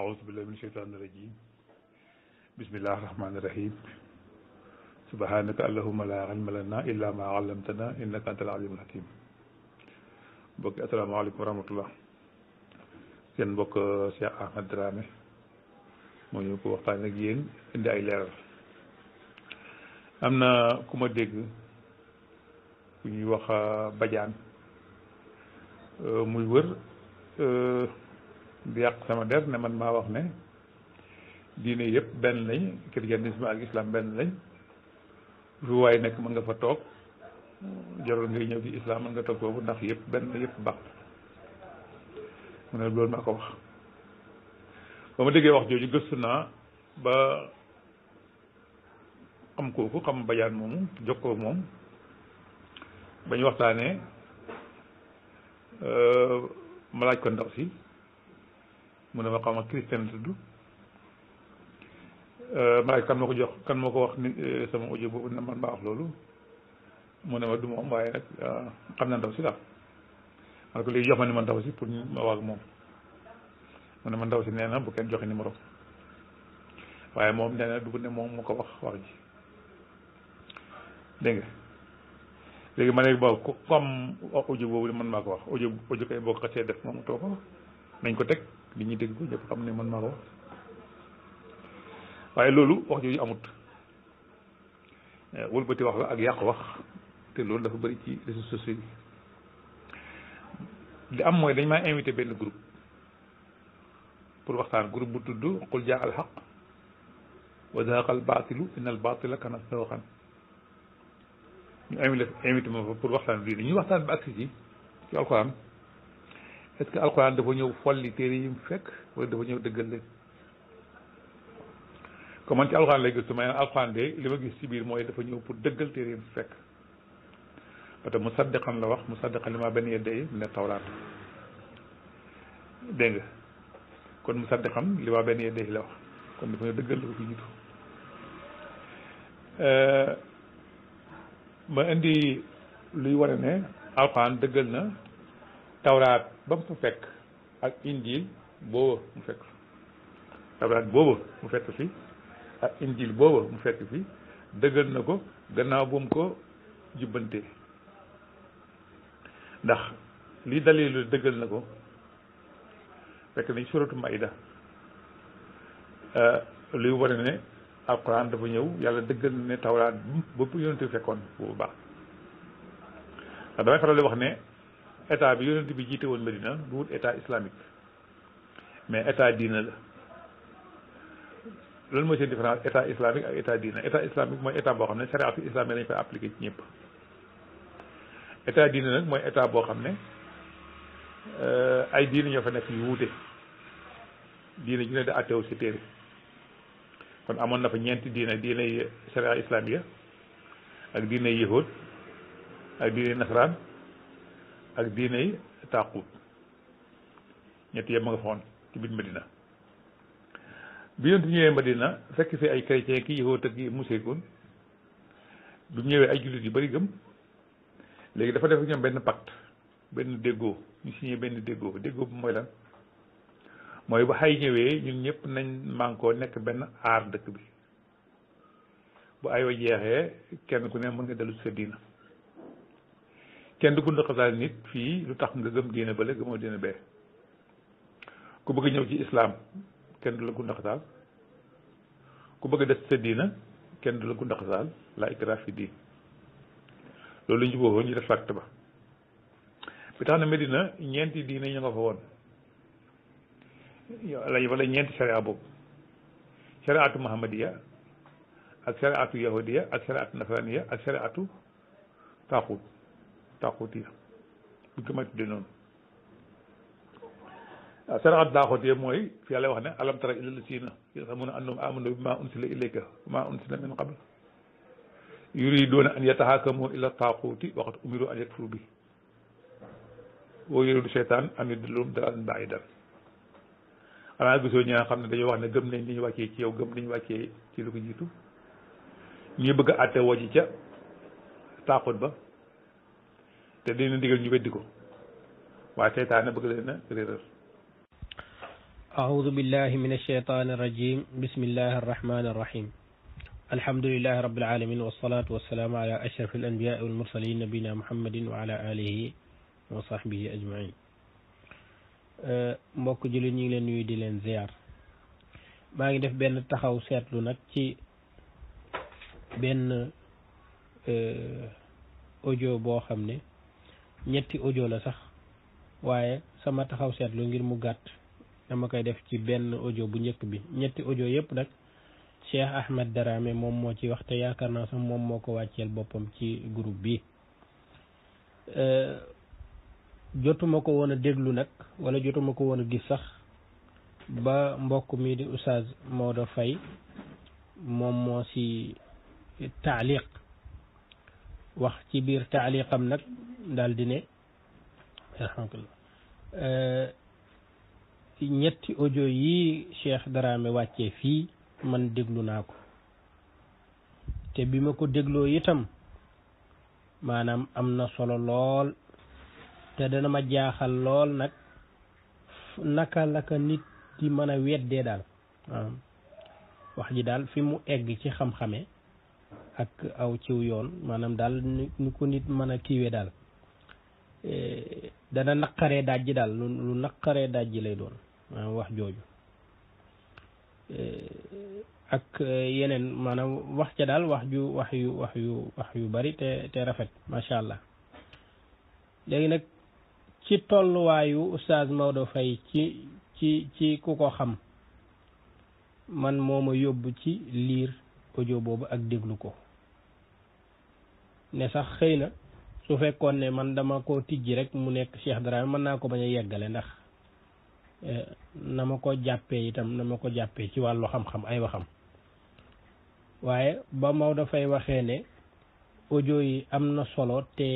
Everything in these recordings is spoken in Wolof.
أعوذ بالله من الشيطان الرجيم بسم الله الرحمن الرحيم سبحانك اللهم لا علم لنا إلا ما علمتنا إنك أنت العليم الحكيم mbokk asalaamaaleykum wa rahmatullah seen mbokk Cheikh Ahmed Dramé moo ñëw waxtaan ak yéen indi ay leeral am na ku ma dégg ku ñuy wax bajaan euh, muy wër euh, du yàq sama der ne man maa wax ne diine yëpp benn lañ christianisme ak islam benn lañ lu nekk mën nga fa toog jarul ngay ñëw ci islam mën nga toog foofu ndax yépp benn yëpp baax mu ne loolu maa ko wax ba ma déggee wax jooju gëstu naa ba xam kooku xam bajaan moomu jokkoo moom ba waxtaanee euh, ma laaj ko ndaw si mu ne ma xaw ma Christian tudd euh, ma laaj kan moo ko jox kan moo ko wax ni euh, sama audio boobu man maa wax loolu mu ne ma du moom waaye nag euh, xam na ndaw si daal man ko léegi jox ma pour ñu ma wax ak ne ma ndaw si nee na bu kenn joxe numéro waaye moom nee na du ne moom mu ko wax wax ji dégg nga léegi ma ne boobu ku comme audio boobu man maa ko wax audio kay boo ko xasee def moom too ko nañ ko teg li ñuy dégg ko ñëpp xam ne mën naa ko waaye loolu wax jooju amut eh, wëlbati wax la ak yàq wax te loolu dafa bëri ci réseaux sociaux yi li am mooy dañ maa invité benn groupe pour waxtaan groupe bu tudd qul jaa al wa zahaqa al baatilu inna al baatila kana zahuqan ñu invité ma pour waxtaan bi li ñuy waxtaan bi agsi ci ci alxuraan est-ce que dafa ñëw folli téere yi mu fekk wala dafa ñëw dëggal leen comme man ci alxuraan lay li gis ci biir mooy dafa ñëw pour dëggal téere yi mu fekk parce que la wax musaddiqan li ma benn yedde yi mu ne tawraat dégg nga kon musaddiqan li ma benn yedde yi la wax kon dafa ñëw dëggal ko fi jiitu euh, ma indi luy wane ne alxuraan dëggal na tawraat ba mu fekk ak injil booba mu fekk tawraat booba mu fekk fi ak injil booba mu fekk fi dëggal na ko gannaaw bu ko jubbante ndax li dalilu dëggal na ko fekk nañ suratu maida eh, luy wane ne alquran dafa ñëw yàlla dëggal na ne tawraat bëpp yonente fekkoon bu baax ndax damay faral di wax ne état bi yonent bi jiite woon Medina du wut état islamique mais état diina la loolu mooy seen différence état islamique ak état diina état islamique mooy état boo xam ne sariatu islamique lañ koy appliqué ci nag mooy état boo xam ne euh, ay diina ñoo fa nekk yu wuute diina ju ne di àtteewu si téere kon amoon na fa ñeenti diina diinay sharia islamiya ak diinay yahud ak diinay nasaraan ak diiney taaquut ñett yëpp ma nga foon ci biir Medina bi yonent bi ñëwee Medina fekk fi ay chrétien ki yëhoot ak musrikoon bi ñëwee ay jullit yu bari gëm léegi dafa def ñoom benn pacte benn déggoo ñu signé benn déggoo déggoo bu mooy lan mooy bu xay ñëwee ñun ñëpp nañ mànkoo nekk benn aar dëkk bi bu ay jeexee kenn ku ne mën nga dellu sa diina kenn du gund xasaal nit fii lu tax nga gëm diine bële gëmoo diine bee ku bëgg ñëw ci islaam kenn du la gund ku bëgg def sa diina kenn du la gund xasaal la ikra fi diin loolu ñu booboo ñu def fàtt ba bi tax na Medina ñeenti diine ñu nga fa woon wala ñeenti sharia boobu shariatu muhammadiya ak shariatu yahudiya ak shariatu nasraniya ak shariatu taaxut daaxotiya buñ ko may tudde noonu ah, saraxat daaxotiya mooy fi wax ne alam tara ila lasiina yaxsamuuna annahum aamanu bimaa unsila ilayka maa unsila min qabl yuriduuna an yatahaakamu ila taaxuuti waqad umiru an yakfuru bi wa yuridu seytaan an yudillahum dalaalan baidan xanaa gisoo ñi nga xam ne dañuy wax ne gëm nañ li ñu wàccee ci yow gëm nañu wàccee ci lu ko jiitu ñuy bëgg a àtte woo ca taaxut ba أعوذ بالله من الشيطان الرجيم بسم الله الرحمن الرحيم الحمد لله رب العالمين والصلاة والسلام على أشرف الأنبياء والمرسلين نبينا محمد وعلى آله وصحبه أجمعين mbokk jullit ñu ngi leen nuyu di leen ziar maa ngi def benn taxaw seetlu nag ci benn eh, audio boo xam ne ñetti audio la sax waaye sama taxaw seetlu ngir mu gàtt dama koy def ci benn audio bu njëkk bi ñetti audio yëpp nag Cheikh Ahmed Darame moom moo ci waxte yaakaar naa sax moom moo ko wàcceel boppam ci groupe bi euh, jotuma ko woon a déglu nag wala jotuma ko woon a gis sax ba mbokk mi di Oustaz Maodo Faye moom moo si taaliq wax ci biir xam nag daldi ne alhamdulilah eh, ñetti audio yi Cheikh Daraame wàccee fii man déglu naa ko te bi ma ko dégloo itam maanaam am na solo lool te dana ma jaaxal lool nag naka la ka nit di mën a weddee daal wax ji daal fi mu egg ci xam-xame ak aw ciw yoon maanaam daal nu ko nit mën a kiiwe daal e, dana naqaree dajji daal lu naqaree dajji lay doon maanaam wax jooju e, ak yeneen maanaam wax ca daal wax ju wax yu wax yu wax yu bari te te rafet macha allah léegi nag ci tolluwaayu oustaz Maodo Faye ci ci ci ku ko xam man moo yóbbu ci liir audio boobu ak déglu ko ne sax xëy na su fekkoon ne man dama ko tijji rek mu nekk Cheikh Dramé mën naa ko bañ a yeggale ndax eh, na ma ko jàppee itam na ma ko jàppee ci wàllu xam-xam ay waxam waaye ba Maodo dafay waxee ne audio yi am na solo te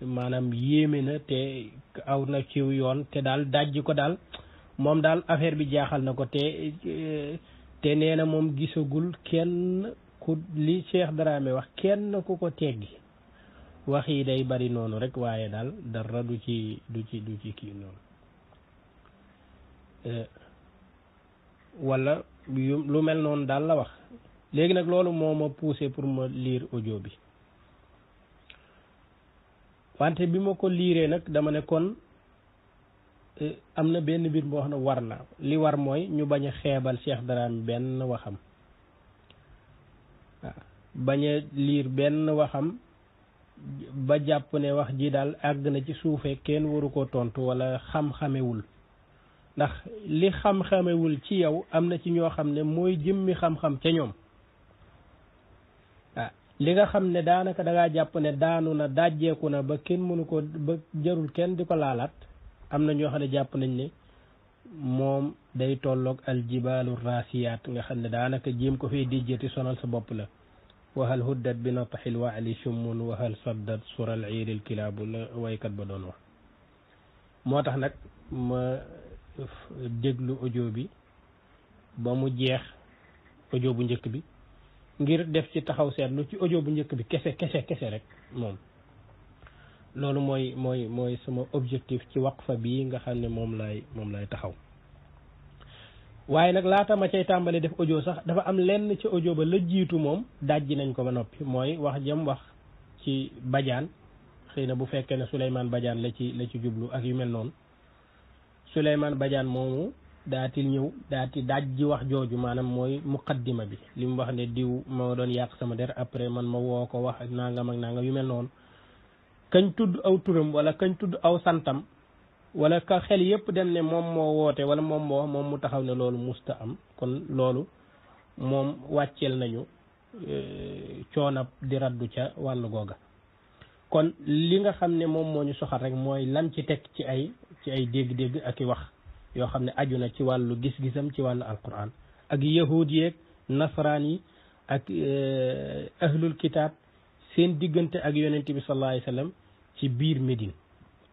maanaam yéeme na te aw na kiw yoon te daal dajji ko daal moom daal affaire bi jaaxal na ko te te nee na moom gisagul kenn ku li Cheikh Dramé wax kenn ku ko teggi wax yi day bari noonu rekk waaye daal dara du ci du ci du ci kii noonu euh, walla lu mel noonu daal la wax léegi nag loolu moo ma poussé pour ma liir audio bi wante bi ma ko liiree nag dama ne kon euh, am na benn mbir boo xam ne war na li war mooy ñu bañ a xeebal Cheikh Darame benn waxam waaw liir benn waxam ba jàpp ne wax ji daal àgg na ci suufee kenn waru koo tontu walla xam-xamewul ndax li xam-xamewul ci yow am na ci ñoo xam ne mooy jëmmi xam-xam ca ñoom ah li nga xam ne daanaka dangaa jàpp ne daanu na dàjjeeku na ba kenn mënu ko ba jarul kenn di ko laalaat am na ñoo xam ne jàpp nañ ne moom day tolloog aljibaalu rasiyaat nga xam ne daanaka jéem ko fay dijjati sonal sa bopp la wahal huddat bi nataxil waali summun wahal saddat sural iiril kilaabu la waykat ba doon wax moo tax nag ma déglu audio bi ba mu jeex audio bu njëkk bi ngir def ci taxaw seetlu ci audio bu njëkk bi kese kese kese rek moom loolu mooy mooy mooy sama objectif ci waq waqfa bii nga xam ne moom laay moom laay taxaw waaye nag laata ma cay tàmbali def audio sax dafa am lenn ci audio ba la jiitu moom dajji nañ ko ba noppi mooy wax jam wax ci Badiane xëy na bu fekkee ne Souleymane Badiane la ci la ci jublu ak yu mel noonu Souleymane Badiane moomu daati ñëw daati dajji wax jooju maanaam mooy muqaddima bi li mu wax ne diw moo doon yàq sama der après man ma woo ko wax ak nangam ak nangam yu mel noonu kañ tudd aw turam walla kañ tudd aw santam wala ka xel yëpp dem ne moom moo woote wala moom moo wax moom mu taxaw ne loolu musta am kon loolu moom wàcceel nañu e, coonab di raddu ca wàllu googa kon li nga xam ne moom moo ñu soxal rek mooy lan ci teg ci ay ay dégg-dégg ak i wax yoo xam ne aju na ci wàllu gis-gisam ci wàllu alquran ak yahud yeeg nasaraan yi ak e, ahlul kitaab seen diggante ak yonent bi sallallahu alayhi ci biir Médine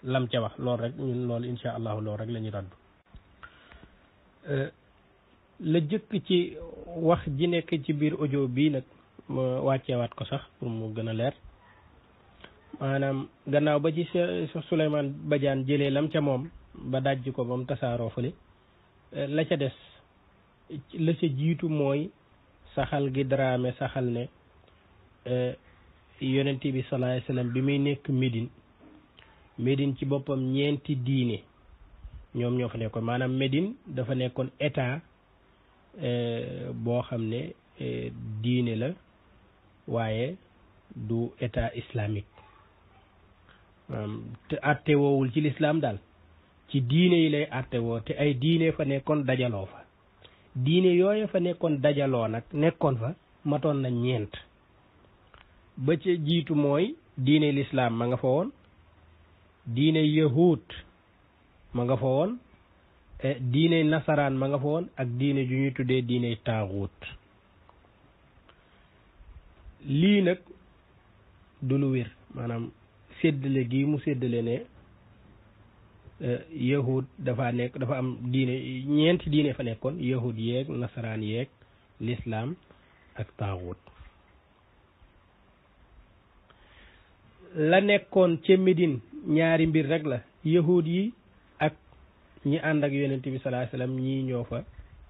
lam ca wax lool rek ñun loolu insha allahu loolu rek la ñuy raddu euh, la jëkk ci wax ji nekk ci biir audio bii nag ma wàcceewaat ko sax pour mu gën a leer maanaam gannaaw ba ci Souleymane Badiane jëlee lam ca moom ba dajj ko ba mu tasaaroo fële euh, la ca des la ca jiitu mooy saxal gi Dramé saxal ne euh, yonent bi salaay salaam bi muy nekk Médine Médine ci boppam ñeenti diine ñoom ñoo fa nekkoon maanaam medin dafa nekkoon état euh, boo xam ne euh, diine la waaye du état islaamik te àtte woowul ci lislaam daal ci diine yi lay àtte woo te ay diine fa nekkoon dajaloo fa diine yooye fa nekkoon dajaloo nag nekkoon fa matoon na ñeent ba ca jiitu mooy diine lislaam ma nga fa woon diine yahuud ma nga fa woon eh, diine nasaraan ma nga fa woon ak diine ju ñuy tuddee diine taaxuut lii nag du lu wér maanaam séddale gii mu séddale ne eh, yahuud dafa nekk dafa am diine ñeenti diine fa nekkoon yahuud yeeg nasaraan yeeg lislaam ak taaxuut la nekkoon ci Médine ñaari mbir rekk la yahud yi ak ñi ànd ak yonent bi sallallahu alayhi wasallam ñii ñoo fa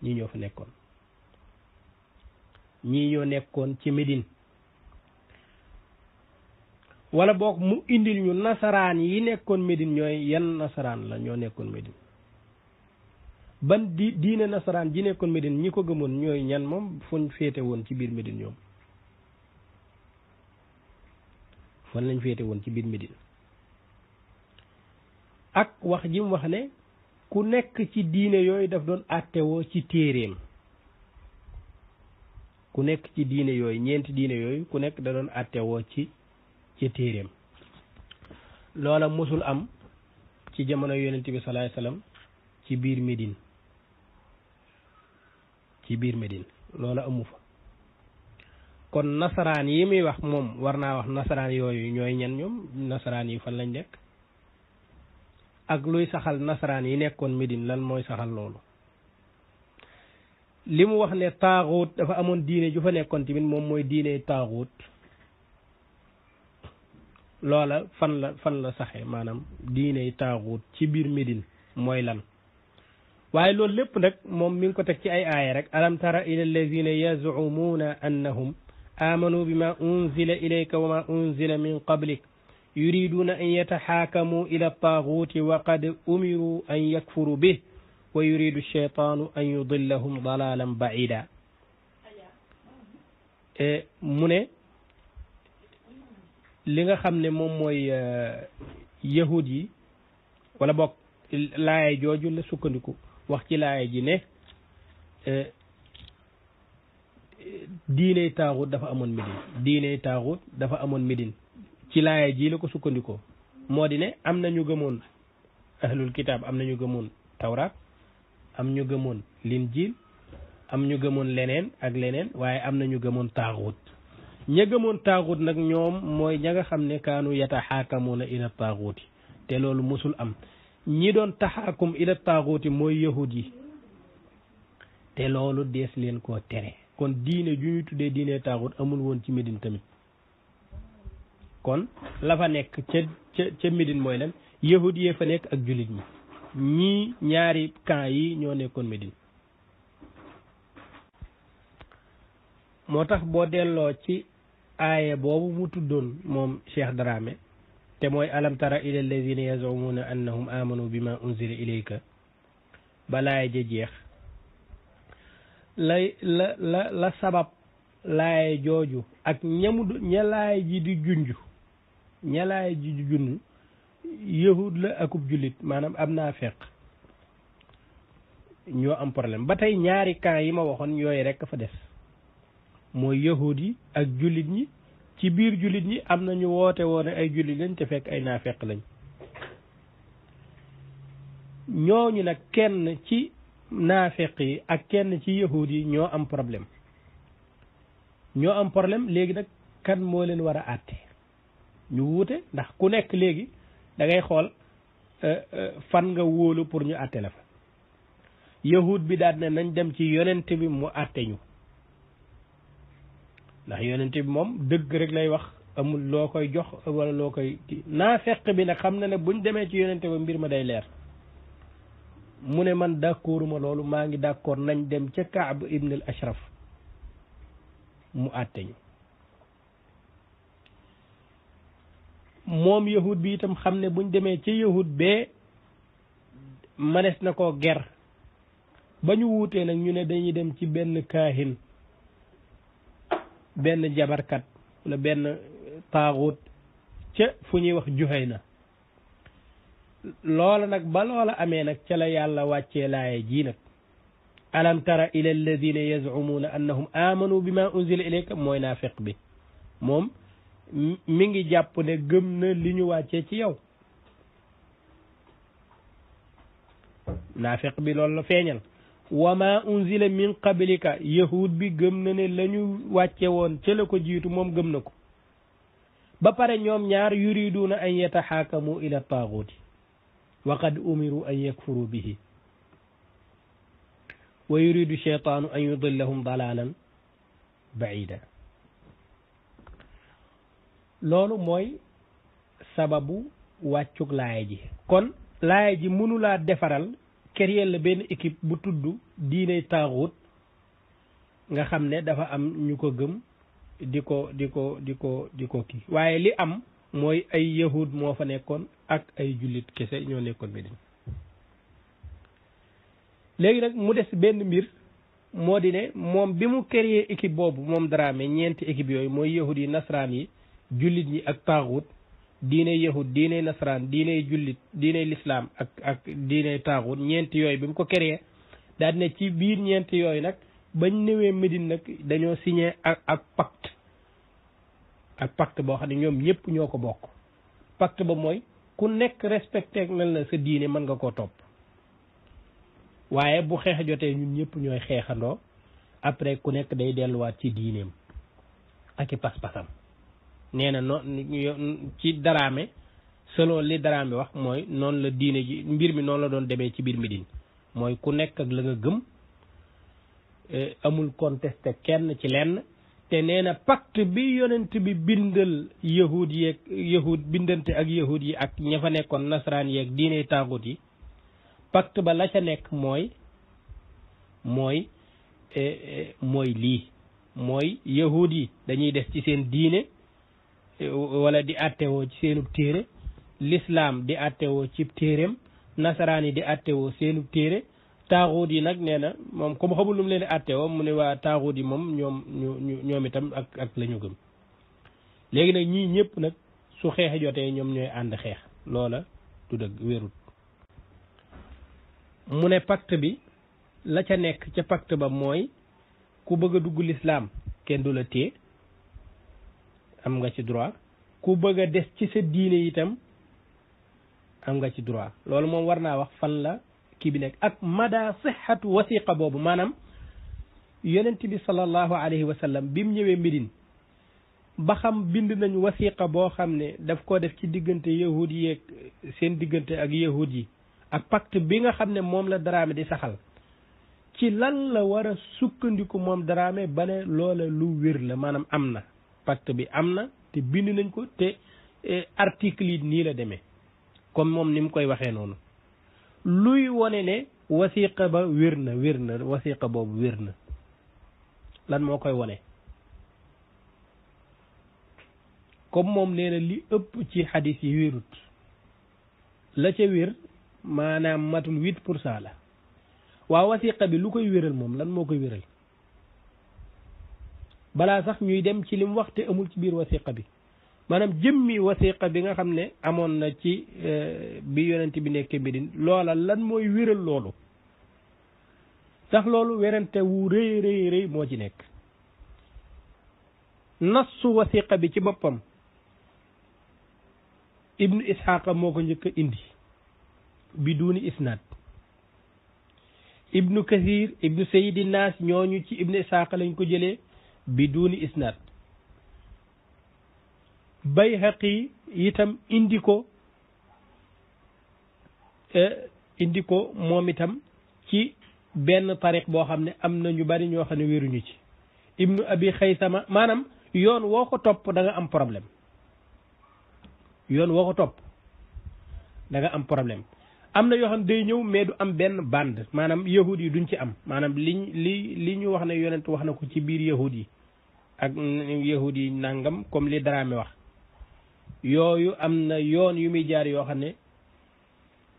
ñii ñoo fa nekkoon ñi ñoo nekkoon ci Médine wala boog mu indi ñu nasaraan yi nekkoon Médine ñooy yan nasaraan la ñoo nekkoon Médine ban di diine nasaraan ji nekkoon Médine ñi ko gëmoon ñooy ñan moom fuñ féete woon ci biir Médine ñoom fan lañ féete woon ci biir Médine ak wax ji wax ne ku nekk ci diine yooyu daf doon àttewoo ci téeréem ku nekk ci diine yooyu ñeenti diine yooyu ku nekk da doon àttewoo ci ci téeréem loola mosul am ci jamono yonent bi salaay salaam ci biir Médine ci biir Médine loola amu fa kon nasaraan yi muy wax moom war naa wax nasaraan yooyu ñooy ñan ñoom nasaraan yi fan lañ nekk ak luy saxal nasaraan yi nekkoon Médine lan mooy saxal loolu li mu wax ne taaxut dafa amoon diine ju fa nekkoon tamit moom mooy diine taaxut loola fan la fan la saxe maanaam diine yi taaxut ci biir Médine mooy lan waaye loolu lépp nag moom mi ngi ko teg ci ay aaya rek alam tara ila allazina yazumuuna annahum amanu bima unzila ilayka wa ma unzila min qablik yuriduna an yataxaakamu ila taaguuti wa qad umiru an yakfuru bih wa yuridu shaytaanu an yudillahum dalalan baida mu ne li nga xam ne moom mooy e, yahud yi wala bokk laaya jooju la sukkandiku wax ci laaya ji ne e, diiney taaxut dafa amoon Médine diiney taaxut dafa amoon Médine ci laaya jii la ko sukkandikoo moo di ne am na ñu gëmoon ahlul kitaab am na ñu gëmoon tawraat am ñu gëmoon liin linjiil am ñu gëmoon leneen ak leneen waaye am na ñu gëmoon taaxut ña gëmoon taaxut nag ñoom mooy ña nga xam ne kaanu yataxaakamuuna ila taaxuuti te loolu musul am ñi doon taxaakum ila taaxuuti mooy yahud yi te loolu dees leen ko tere kon diine ju ñu tuddee diine taaxut amul woon ci Médine tamit kon lafa nekk ca ca Médine mooy lan yahud yee fa nekk ak jullit ñi ñii ñaari camp yi ñoo nekkoon Médine moo tax boo delloo ci aaye boobu mu tuddoon moom Cheikh Dramé te mooy alam tara ila alladina yazumuna annahum amanu bima unzila ilayka balaa ja jeex lay la la la sabab laay jooju ak ñamu ña laay ji di junj ña laay ji di junj yahud la akub jullit maanaam am naa feq ñoo am problème ba tey ñaari camp yi ma waxoon yooyu rekk fa des mooy yahud yi ak jullit ñi ci biir jullit ñi am na ñu woote woone ay jullit lañ te fekk ay naafeq lañ ñooñu nag kenn ci naa feq yi ak kenn ci yahuud yi ñoo am problème ñoo am problème léegi nag kan moo leen war a àtte ñu wuute ndax ku nekk léegi da ngay xool euh, euh, fan nga wóolu pour ñu àtte la fa yahuud bi daal ne nañ dem ci yonent bi mu àtte ñu ndax yonent bi moom dëgg rek lay wax amul loo koy jox wala loo koy naa naafeq bi nag xam na ne buñ demee ci yonent bi mbir ma day leer mu ne man d'accord ma loolu maa ngi d'accord nañ dem ca Kaab ibn al Ashraf mu àtte ñu moom yahud bi itam xam ne buñ demee ci yahud bee manes na koo ger ba ñu wuutee nag ñu ne dañuy dem ci benn kaahin benn jabarkat wala benn taaxut ca fu ñuy wax na loola nag ba loola amee nag ca la yàlla wàccee laaya jii nag alam tara ila alladina yazumuuna annahum amanu bi ma unzila ilayka mooy naafiq bi moom mi ngi jàpp ne gëm na li ñu wàccee ci yow naafiq bi loolu la feeñal wa ma unzila min qablika yahud bi gëm na ne la ñu wàcce woon ca la ko jiitu moom gëm na ko ba pare ñoom ñaar yuriduna an yataxaakamu ila taaguuti waqad umiru an yakfuru bihi wa yuridu cheytaanu an yudillahum dalalan baida loolu mooy sababu wàccug laaya ji kon laaya ji mënula defaral créer la benn équipe bu tudd diiney taaxut nga xam ne dafa am ñu ko gëm di ko di ko di ko di ko kii waaye li am mooy ay yahud moo fa nekkoon ak ay jullit kese ñoo nekkoon Medina léegi nag mu des benn mbir moo di ne moom bi mu créé équipe boobu moom Dramé ñeenti équipe yooyu mooy yahud yi nasaraan yi jullit ñi ak taaxut diine yahud diine nasaraan diine jullit diine lislaam ak ak diine taaxut ñeenti yooyu bi mu ko créé daal ne ci biir ñeenti yooyu nag bañ ñëwee Medine nag dañoo signé ak ak ak pacte boo xam ne ñoom ñëpp ñoo ko bokk pacte ba mooy ku nekk respecté mel na sa diine mën nga koo topp waaye bu xeex jotee ñun ñëpp ñooy xeexandoo après ku nekk day delluwaat ci diineem ak i pas-pasam nee na noonu ci daraame selon li daraame wax mooy noonu la diine ji mbir mi noonu la doon demee ci biir Médine mooy ku nekk ak la nga gëm eh, amul contesté kenn ci lenn te nee na pacte bi yonent bi bindal yahud yeeg bindante ak yahud yi ak ña nekkoon nasaraan yeeg diine taagut yi pacte ba la ca nekk mooy mooy eh, eh, mooy lii mooy yahud yi dañuy des ci seen diine eh, wala di attewoo ci seenub téere lislaam di attewoo ci téereem nasaraan yi di attewoo seenub téere taaxuut yi nag nee na moom comme xamul lu mu leen atte woo mu ne waa taaxuut yi moom ñoom ñu ñoom itam ak ak la ñu gëm léegi nag ñii ñëpp nag su xeexe jotee ñoom ñooy ànd xeex loola du dëgg wérut mu ne pacte bi la ca nekk ca pacte ba mooy ku bëgg a dugg lislaam kenn du la téye am nga ci droit ku bëgg a des ci sa diine itam am nga ci droit loolu moom war naa wax fan la kii bi nekk ak mada sixatu wasiqa boobu maanaam yonent bi sallallahu alayhi wa bi mu ñëwee Médine ba xam bind nañ wasiqa boo xam ne daf koo def ci diggante yahud yi ak seen diggante ak yahud yi ak pacte bi nga xam ne moom la Dramé di saxal ci lan la war a sukkandiku moom Dramé ba ne loola lu wér la maanaam am na pacte bi am na te bind nañ ko te eh, article yi nii la demee comme moom ni mu koy waxee noonu luy wone ne wasiqa ba wér na wér na wasiqa boobu wér na lan moo koy wone comme moom nee na li ëpp ci xadis yi wérut la ca wér maanaam matul huit pour cent la waa wasiqa bi lu koy wéral moom lan moo koy wéral balaa sax ñuy dem ci lim wax te amul ci biir wasiqa bi maanaam jëmmi wasiqa bi nga xam ne amoon na ci euh, bi yonent bi nekkee Medine loola lan mooy wéral loolu tax loolu werante wu rëy rëy moo ci nekk nassu wasiqa bi ci boppam ibnu isxaaqa moo ko njëkk a indi bi duuni isnaad ibnu kathir ibnu sayidi naas ñooñu ci ibne isxaaqa lañ ko jële bi duuni isnaad bayhaqi itam indi ko eh, indi ko moom itam ci benn tariq boo xam ne am na ñu bari ñoo xam ne wéruñu ci ibnu abi xaysama maanaam yoon woo ko topp danga am problème yoon woo ko topp da am problème am na yoo xam day ñëw mais du am benn bande maanaam yahud yi duñ ci am maanaam liñ li li ñu wax na yonent wax na ko ci biir yahud yi ak yahud yi nangam comme li Dramé wax yooyu am na yoon yu muy jaar yoo xam ne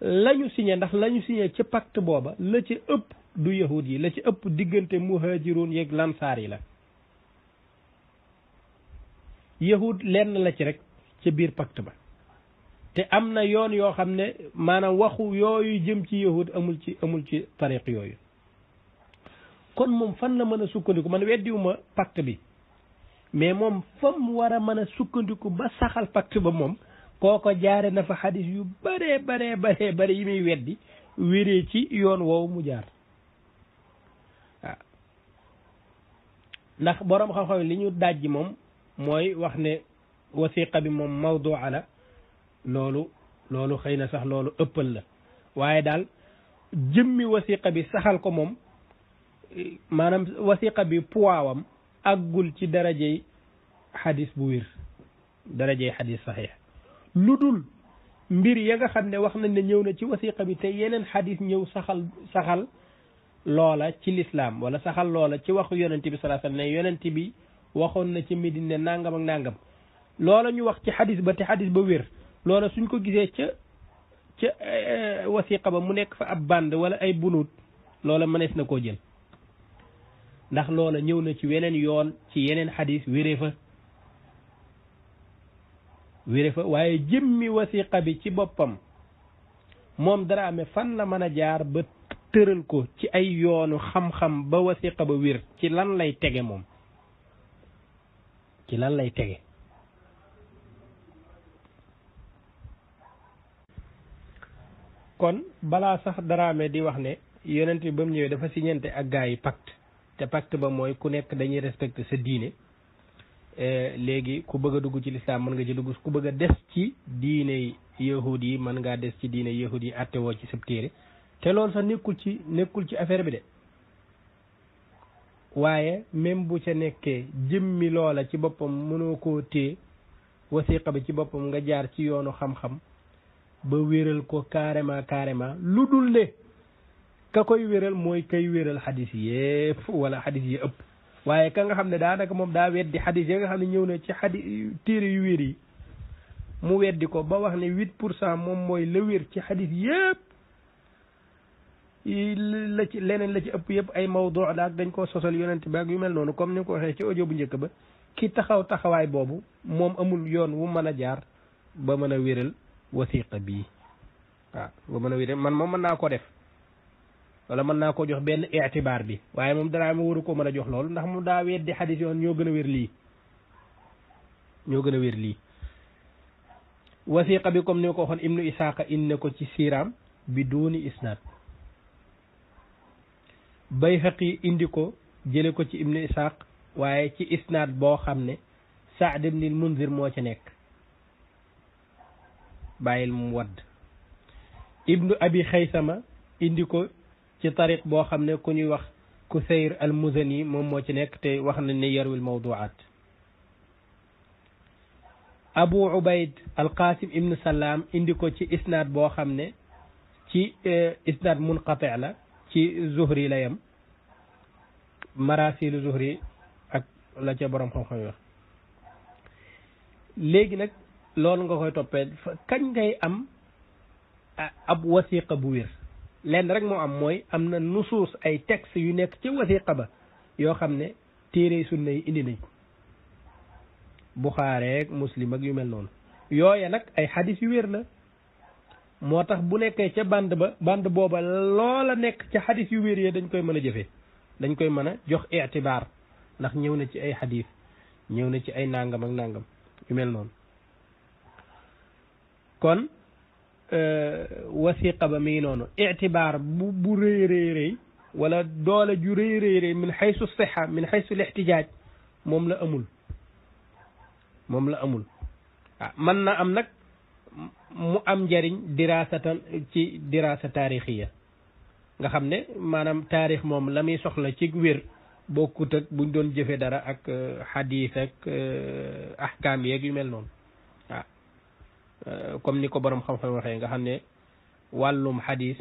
lañu siñe ndax lañu siñe signé ci pacte booba la ci ëpp du yahud yi la ci ëpp diggante muhajiroon yeeg lansaar yi la yahud lenn la ci rek ca biir pacte ba te am na yoon yoo xam ne maanaam waxu yooyu jëm ci yahud amul ci amul ci tariq yooyu kon moom fan la mën a sukkandiku man weddiwuma pacte bi mais moom fa mu war a mën a sukkandiku ba saxal pacte ba moom kooko jaare na fa xadis yu bare bare bare bare yi muy weddi wéree ci yoon woowu mu jaar waaw ndax boroom xam-xam li ñu dajji moom mooy wax ne wasiqa bi moom mawdua la loolu loolu xëy na sax loolu ëppal la waaye daal jëmmi wasiqa bi saxal ko moom maanaam wasiqa bi puwaawam àggul ci darajey xadis bu wér darajey xadis saxiix lu dul mbir ya nga xam ne wax nañ ne ñëw na ci wasiqa bi te yeneen xadis ñëw saxal saxal loola ci lislaam wala saxal loola ci waxu yonent bi sallallahu ne yonent bi waxoon na ci Medine ne nàngam ak nangam loola ñu wax ci xadis ba te xadis ba wér loola suñ ko gisee ca ca eh, eh, wasiqa ba mu nekk fa ab bande wala ay bunut loola mënees na koo jël ndax loola ñëw na ci weneen yoon ci yeneen xadis wéree fa wéree fa waaye jëmmi wasiqa bi ci boppam moom daraame fan la mën a jaar ba tëral ko ci ay yoonu xam-xam ba wasiqa ba wér ci lan lay tege moom ci lan lay tege kon balaa sax daraame di wax ne yonent bi ba mu ñëwee dafa siñante ak gaa yi pacte te pacte ba mooy ku nekk dañuy respecte sa diine eh, léegi ku bëgg dugg ci lislaam mën nga ci dugg ku bëgg a des ci diine yahud yi mën ngaa des ci diine yahud yi àtte woo ci sab téere te lool sa nekkul ci nekkul ci affaire bi de waaye même bu ca nekkee jëmmi loola ci boppam mënoo koo téye wasiqa bi ci boppam nga jaar ci yoonu xam-xam ba wéral ko carrément carrément lu dul ne ka koy wéral mooy kay wéral xadis yëpp wala xadis yi ëpp waaye ka nga xam ne daanaka moom daa weddi xadis yi nga xam ne ñëw na ci xadis téere yu wér yi mu weddi ko ba wax ne huit pour cent moom mooy la wér ci xadis yëpp la ci leneen la ci ëpp yëpp ay mawdu la ak dañ koo sosal yonent bi ak yu mel noonu comme ni ko waxee ci audio bu njëkk ba ki taxaw taxawaay boobu moom amul yoon wu mën a jaar ba mën a wéral wasiqa bii waaw ba mën a man moom mën naa ko def wala mën naa ko jox benn itibaar bi waaye moom Daraame waru ko mën a jox loolu ndax mu daa weddi xadis yoon ñoo gën a wér lii ñoo gën a wér lii wasiqa bi comme ni ko waxoon ibnu isaaqa inne ko ci siiraam bi duuni isnaad bayhaqi indi ko jële ko ci ibnu isaaq waaye ci isnaad boo xam ne saad ibnil munzir moo ci nekk bàyyil mu wadd ibnu abi xaysama indi ko ci tariq boo xam ne ku ñuy wax Kuseyr al moom moo ci nekk te wax nañ ne yarwil mawduat Abu Ubayd al Qasim ibn Salaam indi ko ci isnaad boo xam ne ci e, isnaad munqati la ci Zuhri la yem marasilu Zuhri ak la ca borom xam-xam yi léegi nag loolu nga koy toppee kañ ngay am ab wasiqa bu wér lenn rek moo am mooy am na nusuus ay texte yu nekk ci wasiqa ba yoo xam ne téere sunna yi indi nañ ko buxaareeg muslim ak yu mel noonu yooye nag ay xadis yu wér la moo tax bu nekkee ca band ba band booba loola nekk ca xadis yu wér yee dañ koy mën a jëfee dañ koy mën a jox itibaar ndax ñëw na ci ay xadis ñëw na ci ay nangam ak nangam yu mel noonu kon آه، وثيقه بمي نونو اعتبار بو ري ري ري ولا دوله جو ري ري ري من حيث الصحه من حيث الاحتجاج موم لا امول موم لا امول آه، من نا ام نك مو ام جارين دراسه تي دراسه تاريخيه nga xamne manam tarikh mom lamay soxla ci wir bokut ak buñ doon jëfé dara ak hadith euh, ak euh, ahkam yek yu mel non Euh, comme ni ko borom xam-xam waxee nga xam ne wàllum xadis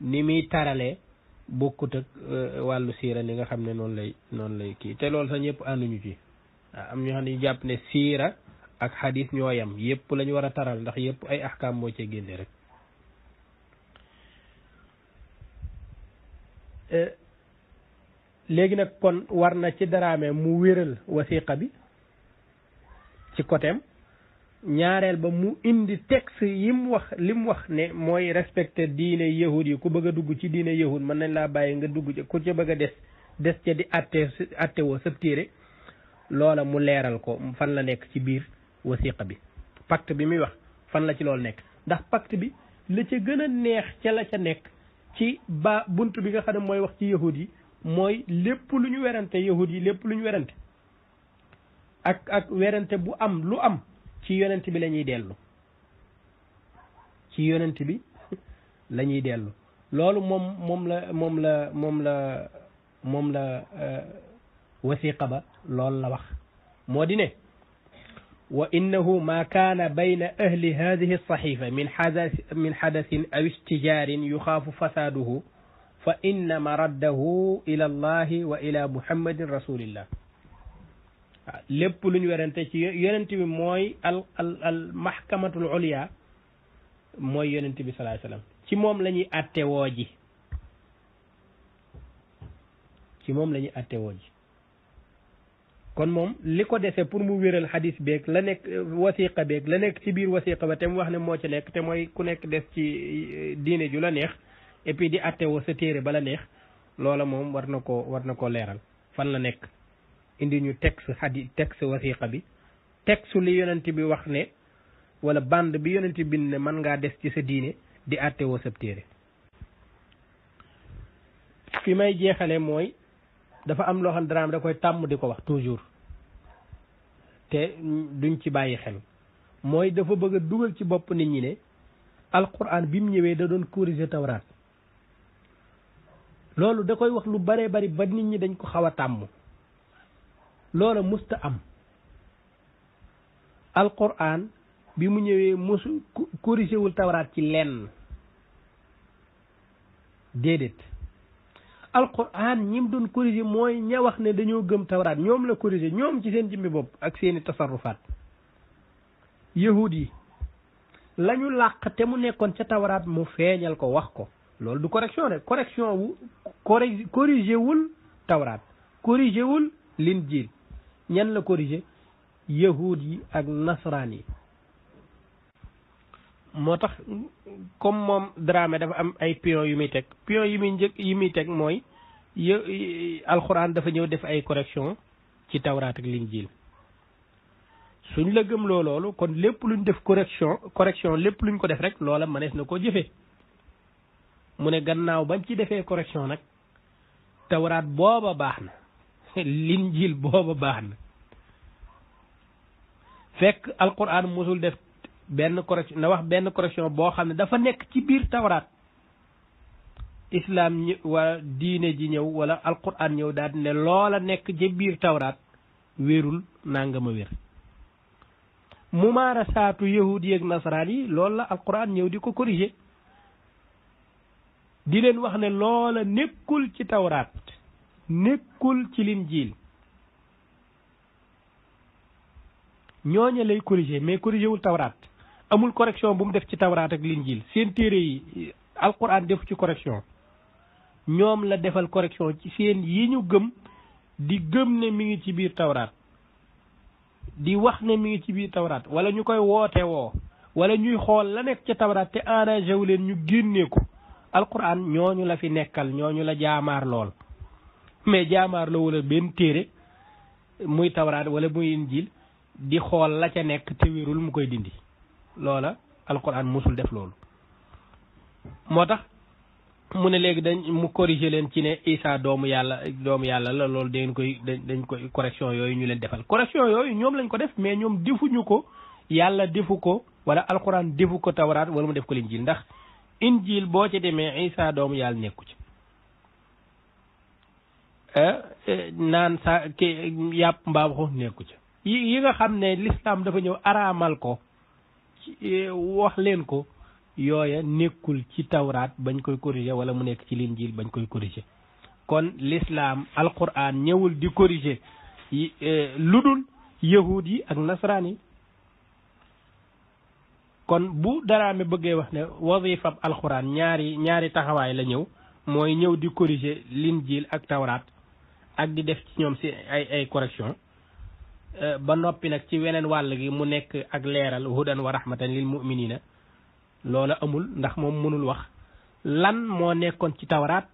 ni muy tarale bokkut ak euh, wàllu siira ni nga xam ne noonu lay noonu lay kii te lool sax ñëpp ànduñu ci waaw ah, am ñoo xam ne jàpp ne siira ak xadis ñoo yam yëpp lañu war a taral ndax yëpp ay axkaam moo cee génne rek euh, léegi nag kon war na ci daraame mu wéral wasiqa bi ci côtéem ñaareel ba mu indi tex yi mu wax li mu wax ne mooy respecté diine yahud yi ku bëgg a dugg ci diine yahud mën nañ laa bàyyi nga dugg ci ku ca bëgg a des des ca di atte atte woo sab loola mu leeral ko fan la nekk ci biir wasiqa bi pacte bi muy wax fan la ci loolu nekk ndax pacte bi la ca gën a neex ca la ca nekk ci ba bunt bi nga xam ne mooy wax ci yahud yi mooy lépp lu ñu werante yahud yi lépp lu ñu werante ak ak werante bu am lu am ci yonent bi lañuy delu ci yonent bi lañuy delu dellu loolu mom moom la mom la mom la mom la wasiqa ba loolu la wax moo di ne wa innahu ma kana bayna ahli hadhihi as-sahifa min xadas min xadasin aw istijar yukhafu fasaduhu fa inna maraddahu ila Allah wa ila muhammadin rasulillah lépp lu ñu werante ci yonent bi mooy al al al mahkamatul ulya mooy yonent bi salaay salaam ci moom la ñuy àtte woo ji ci moom lañuy ñuy àtte woo ji kon moom li ko dese pour mu wéral xadis beeg la nekk wasiqa beeg la nekk ci biir wasiqa ba te mu wax ne moo ci nekk te mooy ku nekk des ci eh, diine ju la neex et di àtte woo sa téere ba la neex loola moom war na koo war na koo leeral fan la nekk indi ñu texte xadi texte wasiqa bi texte li yonent bi wax ne wala band bi yonent bi bind ne man ngaa des ci sa diine di àtte woo sab fi may jeexale mooy dafa am loo xam daraam da koy tàmm di ko wax toujours te duñ ci bàyyi xel mooy dafa bëgg dugal ci bopp nit ñi ne alquran bi mu ñëwee da doon corriger tawraat loolu da koy wax lu bare bari ba nit ñi dañ ko xaw a tàmm loola musta am alquran bi mu ñëwee mosu corrigé wul tawraat ci lenn déedéet alquran ñi mu doon corrigé mooy ña wax ne dañoo gëm tawaraat ñoom la corrigé ñoom ci seen jëmmi bopp ak seeni tasarrufaat yahud yi lañu làq te mu nekkoon ca tawraat mu feeñal ko wax ko loolu du correction de correction wu corrigé wul tawraat corrigé wul linjiil ñan la corrigé yahud yi ak nasaraan yi moo tax comme moom Dramé dafa am ay pion yu muy teg pion yu muy njëkk yu muy teg mooy y alxuraan dafa ñëw def ay correction ci tawraat ak linjiil suñ la gëm loo loolu kon lépp luñ def correction correction lépp luñ ko def rek loola mënees na koo jëfee mu ne gannaaw bañ ci defee correction nag tawraat booba baax na linjil booba baax na fekk alquran mosul def benn correction na wax benn correction boo xam ne dafa nekk ci biir tawraat islaam ñi diine ji ñëw wala alquran ñëw daal di ne loola nekk ci biir tawraat wérul nangama wér mumaarasaatu yahud yeeg nasaraan yi lool la alquran ñëw di ko corriger di leen wax ne loola nekkul ci tawraat nekkul ci linjiil ñooñu lay corriger mais corriger wul tawraat amul correction bu mu def ci tawraat ak linjiil seen téere yi alquran defu ci correction ñoom la defal correction ci seen yi ñu gëm di gëm ne mi ngi ci biir tawraat di wax ne mi ngi ci biir tawraat wala ñu koy woote woo wala ñuy xool la nekk ca tawraat te arrangé wu leen ñu génnee ko alquran ñooñu la fi nekkal ñoo ñu la jaamaar lool mais jaamaar la wala benn téere muy tawraat wala muy injil di xool la ca nekk te mu koy dindi loola alquran musul def loolu moo tax mu ne léegi dañ mu corriger leen ci ne Isa doomu yàlla doomu yàlla la loolu dañ koy dañ koy correction yooyu ñu leen defal correction yooyu ñoom lañ ko def mais ñoom defuñu ko yàlla defu ko wala alquran defu ko tawaraat wala mu def ko linjil ndax injil boo ca demee Isa doomu yàlla nekku ci Eh, eh, naan sa ki yàpp mbaam xuux nekku ca yi yi nga xam ne lislaam dafa ñëw araamal ko eh, wax leen ko yooya nekkul ci tawraat bañ koy corriger wala mu nekk ci linjiil bañ koy corriger kon lislaam alquran ñëwul di corriger lu dul yahuud yi ak nasaraan yi kon bu daraame bëggee wax ne wazifab alquran ñaari ñaari taxawaay la ñëw mooy ñëw di corriger linjiil ak tawraat ak di def ci ñoom si ay ay correction euh, ba noppi nag ci weneen wàll gi mu nekk ak leeral hudan wa rahmatan lil muminina loola amul ndax moom mënul wax lan moo nekkoon ci tawraat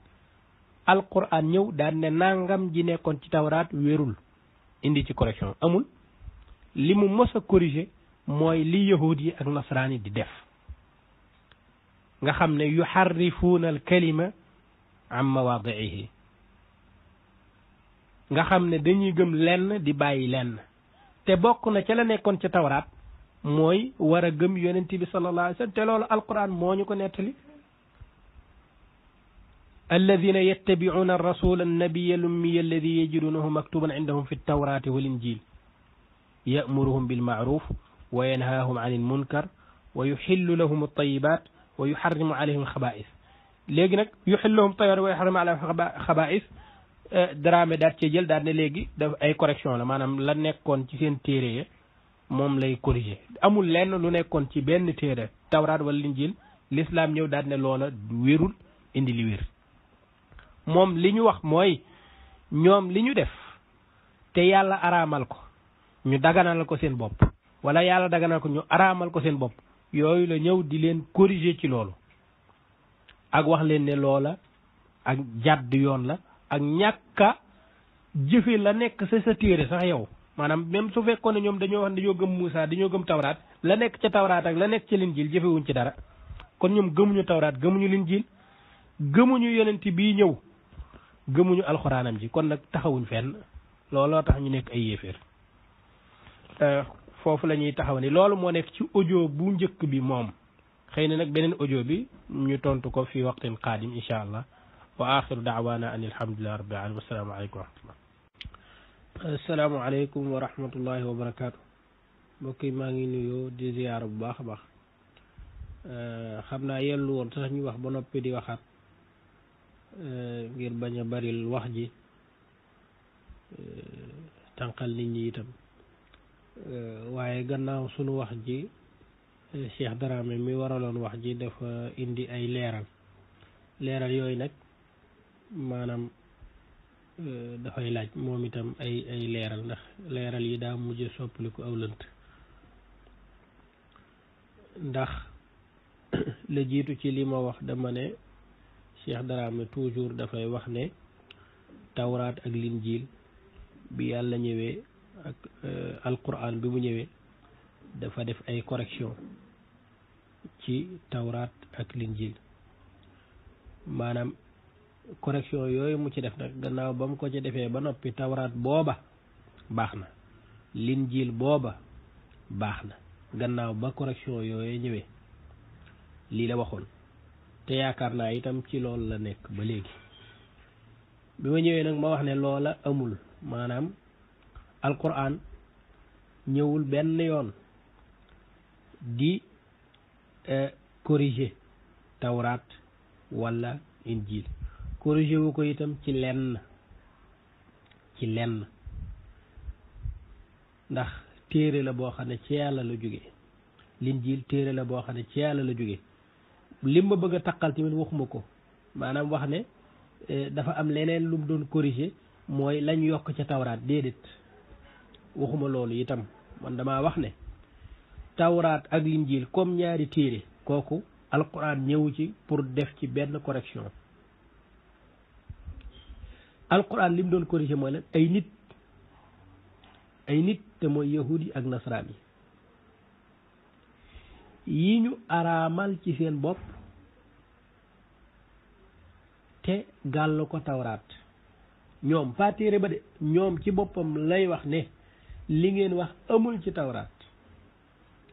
alquran ñëw daan ne nangam ji nekkoon ci tawraat wérul indi ci correction amul li mu mës a corrigé mooy li yahud yi ak nasaraan yi di def nga xam ne yuxarrifuuna al kalima an mawaadiihi nga xam ne dañuy gëm lenn di bàyyi lenn te bokk na ca la nekkoon ca tawraat mooy war a gëm yonent bi sallallahu alayhi wa sallam te loolu alquran moo ñu ko nettali الذين يتبعون الرسول النبي الأمي الذي يجدونه مكتوبا عندهم في التوراة والإنجيل يأمرهم بالمعروف وينهاهم عن المنكر ويحل لهم الطيبات ويحرم عليهم الخبائث لكن يحل لهم الطيبات ويحرم عليهم الخبائث Euh, daraame daat cee jël daat léegi daf ay correction la maanaam la nekkoon ci seen téere ya moom lay corriger amul lenn lu nekkoon ci benn téere tawraat wala linjil lislaam ñëw daat ne loola wérul indi li wér moom li ñu wax mooy ñoom li ñu def te yàlla araamal ko ñu daganal ko seen bopp wala yàlla daganal ko ñu araamal ko seen bopp yooyu la ñëw di leen corriger ci loolu ak wax leen ne loola ak jàdd yoon la ak ñàkka jëfe la nekk sa sa téere sax yow maanaam même su fekkoon ne ñoom dañoo wax ne gëm Moussa dañoo gëm tawraat la nekk ca tawraat ak la nekk ca linjiil jëfewuñ ci dara kon ñoom gëmuñu tawraat gëmuñu linjiil gëmuñu yonent bii ñëw gëmuñu alxuraanam ji kon nag taxawuñ fenn looloo tax ñu nekk ay yéeféer foofu la ñuy taxaw ni loolu moo nekk ci audio bu njëkk bi moom xëy na nag beneen audio bi ñu tontu ko fi waxtin xaadim incha allah wa axiru daawaana an alhamdulilah rabbil alamin wasalaamualeykum wa rahmatullah asalaamaaleykum wa rahmatullahi wa barakaatu mbokk yi maa ngi nuyoo di ziyaara bu baax a baax eh, xam naa yellu woon sax ñu wax ba noppi di waxaat eh, ngir bañ a baril wax ji eh, tànqal nit ñi itam waaye gannaaw sunu wax ji Cheikh Dramé mi waraloon wax ji dafa indi ay leeral leeral yooyu nag maanaam euh, dafay laaj moom itam ay ay leeral ndax leeral yi daa mujj soppaliku aw lënt ndax la jiitu ci li ma wax dama ne Cheikh Darame toujours dafay wax ne tawraat ak linjiil bi yàlla ñëwee ak euh, alquran bi mu ñëwee dafa def ay correction ci tawraat ak linjiil maanaam correction yooyu mu ci def nag gannaaw ba mu ko ci defee ba noppi tawraat booba baax na linjiil booba baax na gannaaw ba correction yooyu ñëwee lii la waxoon te yaakaar naa itam ci loolu la nekk ba léegi bi ma ñëwee nag ma wax ne loola amul maanaam alquran ñëwul benn yoon di eh, corriger tawraat walla injiil corrigé wu ko itam ci lenn ci lenn ndax téere la boo xam ne ci yàlla la jóge linjiil téere la boo xam ne ci yàlla la jóge lim ma bëgg a taqal tamit waxuma ko maanaam wax ne eh, dafa am leneen lu doon corrigé mooy lañ yokk ca tawraat déedéet waxuma loolu itam man damaa wax ne tawraat ak linjiil comme ñaari téere kooku alquran ñëwu ci pour def ci benn correction alquran li mu doon corrigé mooy la ay nit ay nit te mooy yahudi ak nasaraan yi yi ñu araamal ci seen bopp te gàll ko tawraat ñoom pas téere ba de ñoom ci boppam lay wax ne li ngeen wax amul ci tawraat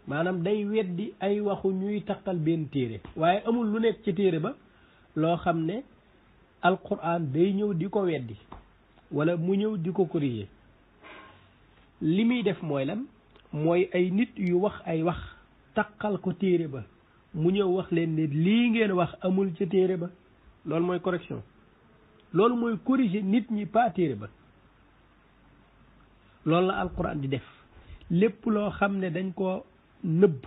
maanaam day weddi ay waxu ñuy taqal benn téere waaye amul lu nekk ci téere ba loo xam ne alquran day ñëw di ko weddi walla mu ñëw di ko corriger li muy def mooy lan mooy ay nit yu wax ay wax taqal ko téere ba mu ñëw wax leen ne lii ngeen wax amul ca téere ba loolu mooy correction loolu mooy corriger nit ñi paa téere ba loolu la alquran di def lépp loo xam ne dañ ko nëbb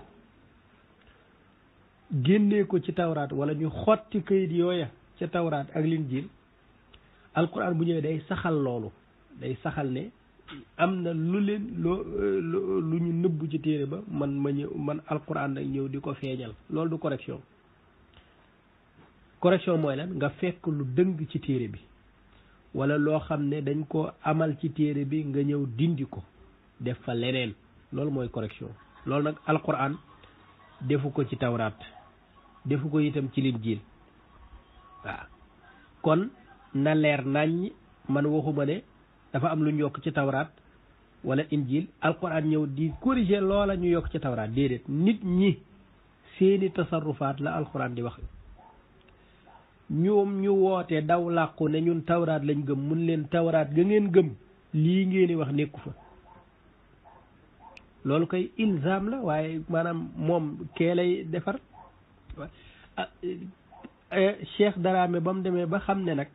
génnee ko ci tawraat wala ñu xotti kayit yooya ca tawraat ak linjiil alquran bu ñëwee day saxal loolu day saxal ne am na lu leen loo lu ñu nëbbu ci téere ba man ma ñëw man alquran nag ñëw di ko feeñal loolu du correction correction mooy lan nga fekk lu dëng ci téere bi wala loo xam ne dañ ko amal ci téere bi nga ñëw dindi ko def fa leneen loolu mooy correction loolu nag alquran defu ko ci tawraat defu ko itam ci linjiil waaw kon na leer naññ man waxuma ne dafa am lu ñu yokk ci tawraat wala injil alquran ñëw di corriger loola ñu yokk ci tawraat déedéet nit ñi seeni tasarrufaat la alquran di wax ñoom ñu woote daw làqu ne ñun tawraat lañ gëm mun leen tawaraat ga ngeen gëm lii ngeen wax nekku fa loolu koy ilzam la waaye maanaam moom kee lay defar Eh, Cheikh Daraame ba mu demee ba xam ne nag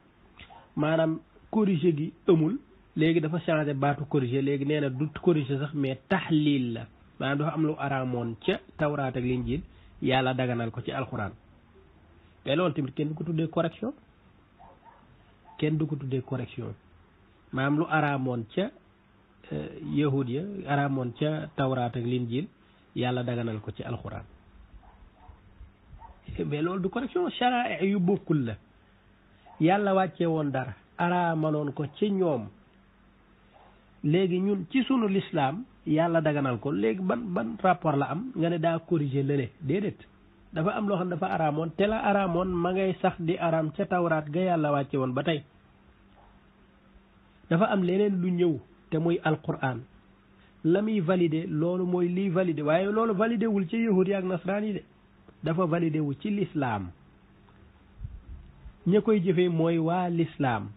maanaam corrigé gi amul léegi dafa changé baatu corrigé léegi nee na du corrigé sax mais taxliil la maanaam dafa am lu araamoon ca tawraat ak linjiil yàlla daganal ko ci alxuraan loolu tamit kenn du tuddee correction kenn du ko tuddee maanaam lu araamoon ca eh, yahud ya araamoon ca tawraat ak linjiil yàlla daganal ko ci alxuraan correction mais loolu du correction charaa yu bokkul la yàlla wàcce woon dara araamaloon ko ci ñoom léegi ñun ci sunu lislaam yàlla daganal ko léegi ban ban rapport la am nga ne daa corriger lële déedéet dafa am loo xam dafa araamoon te la araamoon ma ngay sax di araam ca tawraat ga yàlla wàcce woon ba tey dafa am leneen lu ñëw te muy alquran la muy validé loolu mooy liy validé waaye loolu validé wul ci yahud ak nasraan de dafa validé wu ci lislaam ña koy jëfee mooy waa lislaam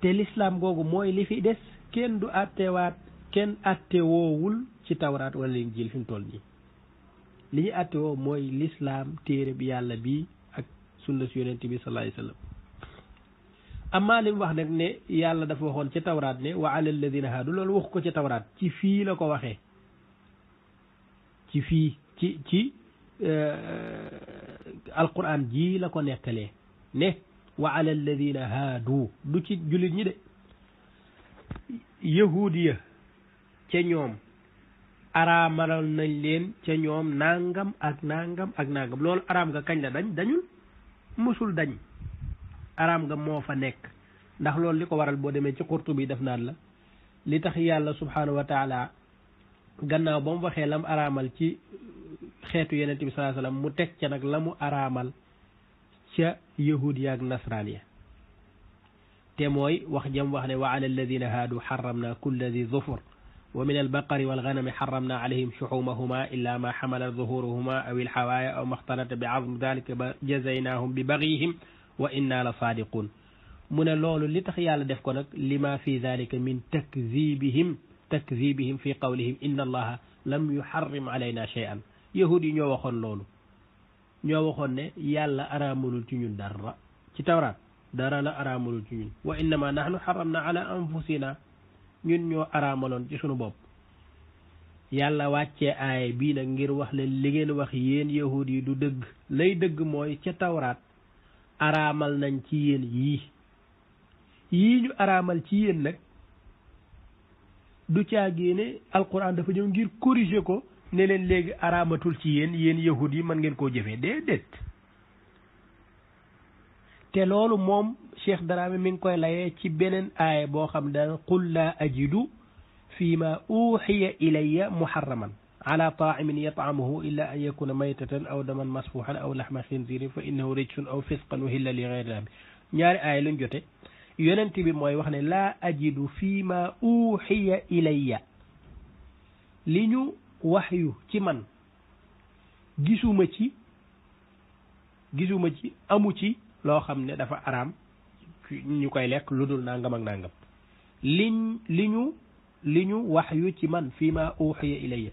te lislaam googu mooy li fi des kenn du àttewaat kenn àttewoowul ci tawraat wala injiil fi mu toll nii li ñu àttewoo mooy lislaam téere bi yàlla bii ak sunna si yonent bi sallallahu alayhi wasallam li mu wax nag ne yàlla dafa waxoon ci tawraat ne wa ala alladina haadu loolu wax ko ci tawraat ci fii la ko waxee ci fii ci ci euh, alquran jii la ko nekkalee ne wa ala alladina haadu du ci jullit ñi de yahudiya ca ñoom araamalal nañ leen ca ñoom nangam ak nangam ak nangam loolu araam nga kañ la dañ dañul musul dañ araam nga moo fa nekk ndax loolu li ko waral boo demee ci xurtu bi def naan la li tax yàlla subhanahu wa gannaaw ba mu waxee lam mu araamal ci xeetu yenent bi salaa salaam mu teg ca nag la mu araamal ca yahud yaak nasraan te mooy wax jam wax ne wa ala alladina haadu xaramna kulla di zufur wa min albaqari walganami xaramna alayhim shuxumahuma illa ma xamala zuhuruhuma aw ilxawaaya aw maxtalata bi azm dalika ba jazaynahum bi bagihim wa inna la saadiqun mu ne loolu li tax yàlla def ko nag lima fi dalika min takzibihim takdibihim fi qawlihim inna allaha lam yuharrim alayna shay'an yahud yi ñoo waxoon loolu ñoo waxoon ne yàlla araamalul ci ñun dara ci tawraat dara la araamalul ci ñun wa innama nahnu xaramna ala anfusina ñun ñoo araamaloon ci suñu bopp yàlla wàcce aaya bii nag ngir wax leen li wax yéen yahud yi du dëgg lay dëgg mooy ca tawraat araamal nañ ci yéen yii yii ñu araamal ci yéen nag du caagéene alquran dafa ñëw ngir corriger ko ne leen léegi araamatul ci yéen yéen yahud yi mën ngeen koo jëfee déedéet loolu moom Cheikh Dramé mi ngi koy layee ci beneen aaya boo xam daan qul laa ajidu fi ma uuxiya ilayya muharraman ala taa'imin yat'amuhu illa an yakuna maytatan aw daman masfuhan aw laxma xinzirin fa innahu rijsun aw fisqan uhilla li gayri ñaari aaya luñ jote yeneen bi mooy wax ne laa ajidu fii ma uuxiya ilayya li ñu waxyu ci man gisuma ci gisuma ci amu ci loo xam ne dafa araam ñu koy lekk lu dul nangam ak nangam liñ li ñu li ñu wax yu ci man fii ma uuxiya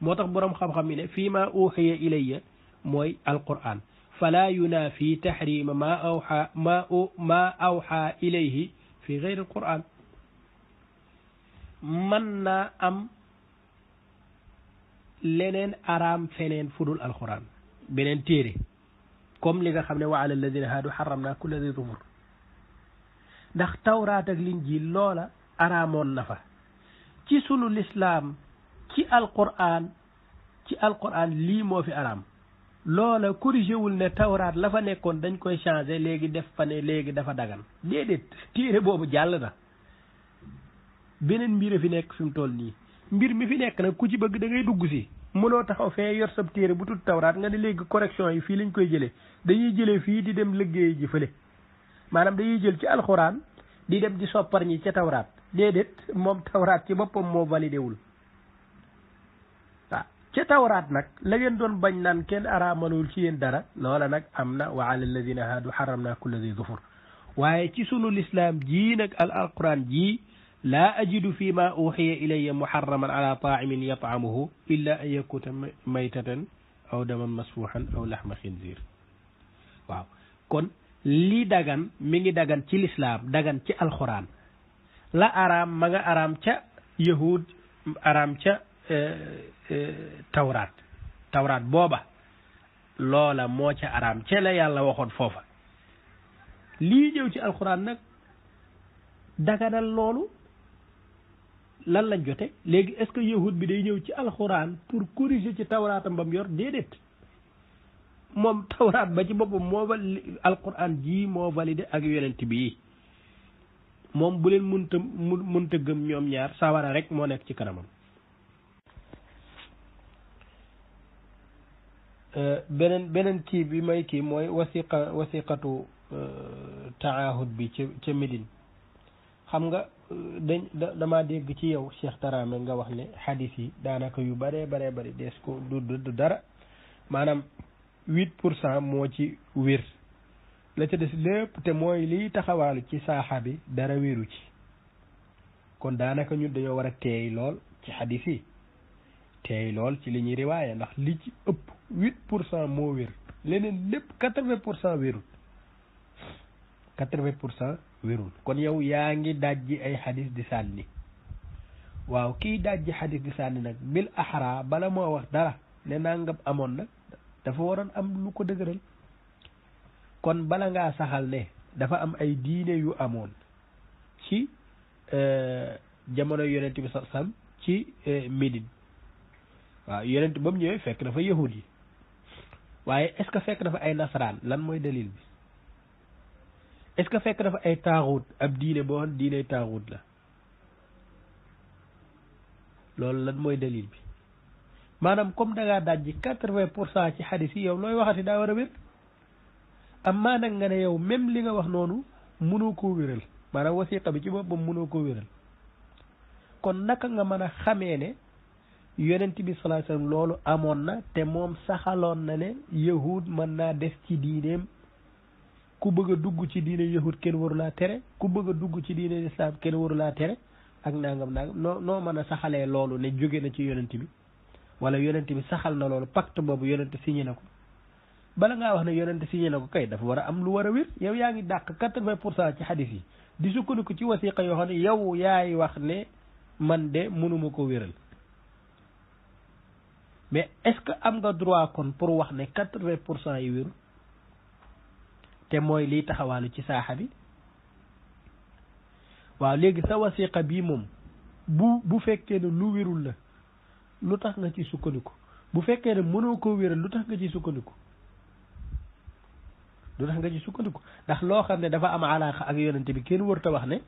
moo tax boroom xam-xam yi ne fii ma uuxiya mooy mooy alquran فلا ينافي تحريم ما أوحى ما ما أوحى إليه في غير القرآن من أم لنن أرام فنن فضل القرآن بنن تيري كم لغا خمنا وعلى الذين هادو حرمنا كل ذي ظهر داخ توراة الإنجيل لولا أرامون نفا كي سنو الإسلام كي القرآن كي القرآن لي مو في أرام loola corrigé wul ne tawraat la fa nekkoon dañ koy changé léegi def fa ne léegi dafa dagan déedéet téere boobu jàll na beneen mbir fi nekk fi mu toll nii mbir mi fi nekk na ku ci bëgg da ngay dugg si mënoo taxaw fee yor sab téere bu tudd tawraat nga ne léegi correction yi fii lañ koy jëlee dañuy jëlee fii di dem liggéey ji fële maanaam dañuy jël ci alxuraan di dem di soppar ñi ca tawraat déedéet moom tawraat ci boppam moo validé ci tawrat nak la ngeen doon bañ naan kenn araamalul ci yéen dara lola nak amna wa ala alladina hadu haramna naa kulla di zufur waaye ci sunu l'islam ji nak al alquran ji la ajidu fi ma uhiya ilayya muharraman ala ta'imin yat'amuhu illa an yakuta maytatan aw daman masfuhan aw laxma khinzir waaw kon li dagan mi ngi dagan ci l'islam dagan ci alquran la aram ma nga aram ca yahud aram ca E, e, tawraat tawraat booba loola moo ca araam ca la yàlla waxoon foofa lii ñëw ci alxuraan nag daganal loolu lan lañ jote léegi est-ce que yahud bi day ñëw ci alxuraan pour corriger ci tawraatam ba mu yor déedéet moom tawraat ba ci boppam moo val alxuraan jii moo validé ak yonent bi moom bu leen munta munta gëm ñoom ñaar sawara rek moo nekk ci kanamam beneen beneen kii bi may kii mooy wasiqa wasiqatu e, taahud bi ca ca Médine xam nga e, dañ dama dégg ci yow Cheikh Tarame nga wax ne xadis yi daanaka yu bëree baree bëri des ko du du dara maanaam huit pour cent moo ci wér la ci des lépp te mooy liy taxawaalu ci saaxa bi dara wéru ci kon daanaka ñu dañoo war a teey lool ci xadis yi teey lool ci li ñuy riwaaya ndax li ci ëpp huit pour cent moo wér leneen lépp quatre-vingt pour cent wérul quatre pour cent wérul kon yow yaa ngi dajji ay xadis di sànni waaw kii dajji xadis di sànni nag bil axra bala moo wax dara ne nangam amoon nag dafa waroon am lu ko dëgëral kon bala ngaa saxal ne dafa am ay diine yu amoon ci euh, jamono yonent bi sa sam ci euh, Médine waaw yonent ba mu ñëwee fekk dafa yahud yi waaye est-ce que fekk dafa ay nasaraan lan mooy dalil bi est-ce que fekk dafa ay taaxuut ab diine boo xam diine taaxuut la loolu lan mooy dalil bi maanaam comme da ngaa dajji quatre-vingt pour cent ci xadis yi yow looy waxati daa war a wér amma nag nga ne yow même li nga wax noonu mënoo koo wéral maanaam wasiqa bi ci bopp boppam mënoo koo wéral kon naka nga mën a xamee ne yonent bi sallallahu alayhi loolu amoon na te moom saxaloon na ne yahud man naa des ci diineem ku bëgg a dugg ci diine yahud kenn waru laa tere ku bëgg dugg ci diine islam kenn waru laa tere ak nangam nangam noo noo mën a saxalee loolu ne jóge na ci yonent bi wala yonent bi saxal na loolu pacte boobu yonent signé na ko bala ngaa wax ne yonent signé na ko kay dafa war a am lu war a wér yow yaa ngi dàq quatre-vingt pour cent ci xadis yi di sukkandiku ci wasiqa yoo xam ne yow yaay wax ne man de mënuma ko wéral mais est-ce que am nga droit kon pour wax ne quatre-vingts pour cent yi wéru te mooy liy taxawaalu ci saaxa bi waaw léegi sa wasiqa bii moom bu bu fekkee ne lu wérul la lu tax nga ci sukkandiku bu fekkee ne mënoo koo wéral lu tax nga ci sukkandiku lu tax nga ci sukkandiku ndax loo xam ne dafa am alaaxa ak yonente bi kenn wërta wax ne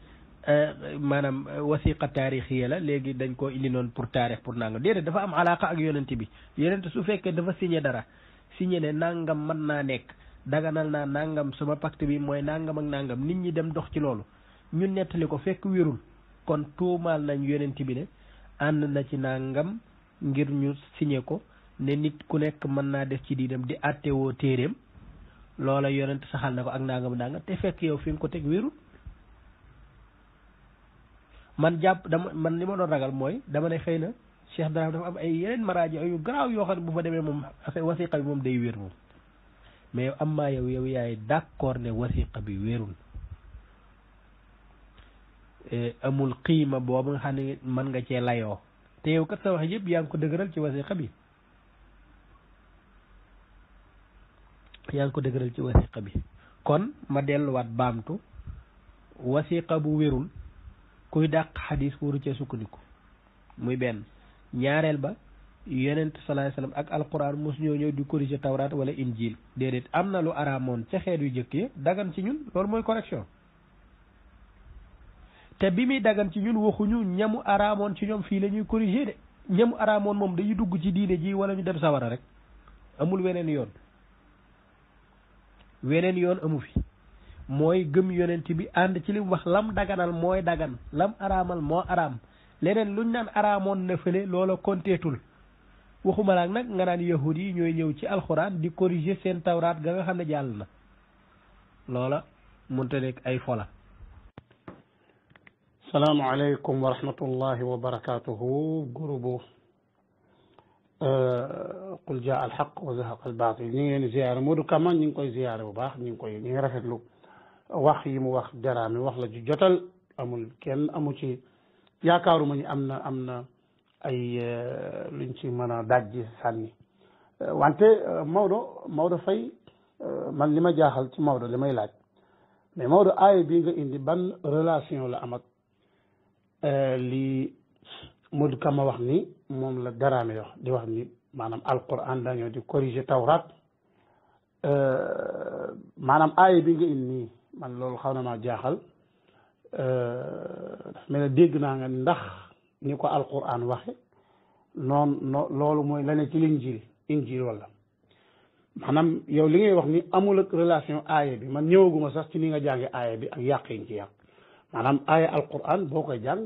Euh, maanaam euh, wasiqa taarixiya la léegi dañ koo indi noonu pour taarix pour nangam déedéet dafa am alaaka ak yonent bi yonent su fekkee dafa signé dara signé ne nangam man naa nekk daganal naa nangam sama pacte bi mooy nangam ak nangam nit ñi dem dox ci loolu ñu nettali ko fekk wérul kon tuumaal nañ yonent bi ne ànd na ci nangam ngir ñu signé ko ne nit ku nekk mën naa def ci diinam di àttewoo téeréem loola yonent saxal na ko ak nangam nangam te fekk yow fi nga ko teg wérul man jàpp dama man li ma doon ragal mooy dama ne xëy na Cheikh Dramé dafa am ay yeneen ma maraaji yu garaaw yoo xam ne bu fa demee moom wasiqa bi moom day wér moom mais am maa yow yow yaay d'accord ne wasiqa bi wérul e, amul xiima boobu nga xam ne mën nga cee layoo te yow kat sa wax yëpp yaa ngi ko dëgëral ci wasiqa bi yaa ngi ko dëgëral ci wasiqa bi kon ma delluwaat baamtu wasiqa bu wérul kuy dàq xadis waru cee sukkandiku muy benn ñaareel ba yonent salaay salaam ak alquran mos ñoo ñëw di corriger tawraat wala injil déedéet am na lu araamoon ca xeet yu jëkk ya dagan ci ñun loolu mooy correction te bi muy dagan ci ñun waxuñu ñamu araamoon ci ñoom fii la ñuy corriger de ñamu araamoon moom dañuy dugg ci diine ji wala ñu dem sawara rek amul weneen yoon weneen yoon amu fi mooy gëm yonent bi ànd ci li mu wax lam daganal mooy dagan lam araamal moo araam leneen luñ naan araamoon na fële loola konteetul waxuma nag nga naan yahud yi ñooy ñëw ci alxuraan di corriger seen tawraat ga nga xam ne jàll na loola munta nekk ay fola salaamaaleykum wa rahmatullahi wa barakatuhu groupe euh, qul jaa alxaq wa zahaqa albatil ñu ngi ziyaare Modou koy ziyaare bu baax ñu ngi koy ñu ngi wax yi mu wax Dramé wax la ju jotal amul kenn amu ci yaakaaruma ni am na am na ay eh, luñ ci mën a dajji sànni eh, wante eh, Maodo Maodo Faye man li ma jaaxal ci Maodo li may laaj mais Maodo aaya bi nga indi ban relation la am ak li Modou Kama wax ni moom la Dramé wax di wax ni maanaam alquran dañoo di corriger tawrat maanaam aaya bi nga indi nii man loolu xaw na maa jaaxal daf euh, dégg naa nga ndax ni ko alquran waxe noonu loolu mooy la ne ci linjil injil wala maanaam yow li ngay wax ni amul ak relation aaya bi man ñëwaguma sax ci ni nga jànge aaya bi ak yàq yi ci yàq maanaam aaya alquran boo koy jàng